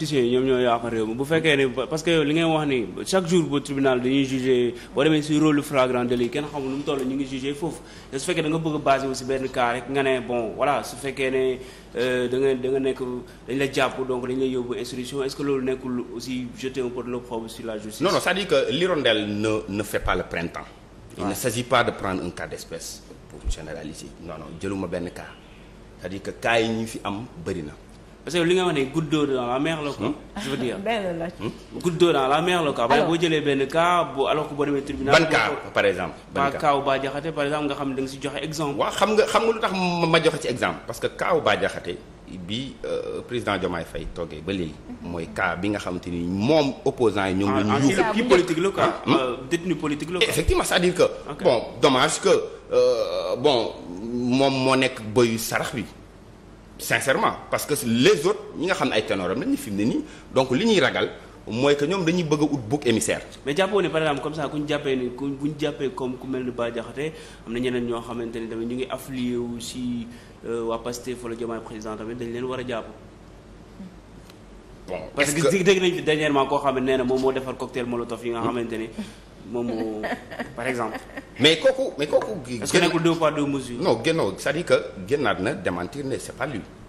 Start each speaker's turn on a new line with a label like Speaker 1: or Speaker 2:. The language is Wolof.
Speaker 1: politiciens yi ñoom ñoo yàq réew mi bu fekkee ne parce que yow li ngay wax ni chaque jour bu tribunal dañuy a basé wu si benn cas rek ne bon voilà euh, nga da nga nekk dañ la jàpp donc dañ la yóbbu instruction est-ce que loolu nekkul aussi jeter un la justice. non non
Speaker 2: c'est-à-dire que printemps. ne s'agit pas de prendre un cas d'espèce pour généraliser non non jëluma benn cas cest dire que cas yi ñu fi am bëri na.
Speaker 1: parce li nga wax ne goutte d'eau dans la mer la quoi. Hmm? je hmm? boo jëlee benn cas bu alors que boo demee tribunal. ban
Speaker 2: par exemple. ban cas wu par exemple nga xam ne da nga si joxe exemple. waaw xam nga xam nga lu tax ma joxe ci exemple. parce que cas wu Bah bi euh, président Diomaye fay toogee ba léegi. mooy cas bi nga xamante ni moom opposant yi ñoom. ñu ngi ah, ah, kii politique la quoi. Ah, hmm? euh, détenu politique la quoi. effectivement c'est-à-dire que. bon dommage que euh, bon moom moo nekk bëyu sarax bi. sincèrement parce que les autres ñi nga xam ne ay ténoram lañ fi mu ne nii donc li ñuy ragal mooy que ñoom dañuy bëgg a ut bouc émissaire. mais jàppoo ne par exemple comme ça ku ñu jàppee
Speaker 1: ni ku bu jàppee comme ku mel ni Bah am na ñeneen ñoo xamante ni tamit ñu ngi affilié wu si euh, waa Pastef wala Diomaye président tamit dañ leen war a jàpp. bon parce que dernièrement koo xam ne nee na moom moo defar cocktail molotov yi nga xamante ne moomu
Speaker 2: par exemple. mais kooku mais kooku. est-ce que nekkul deux poids deux mesures. non génnoo c'est-à-dire que génnaat na démentir ne c'est pas lui.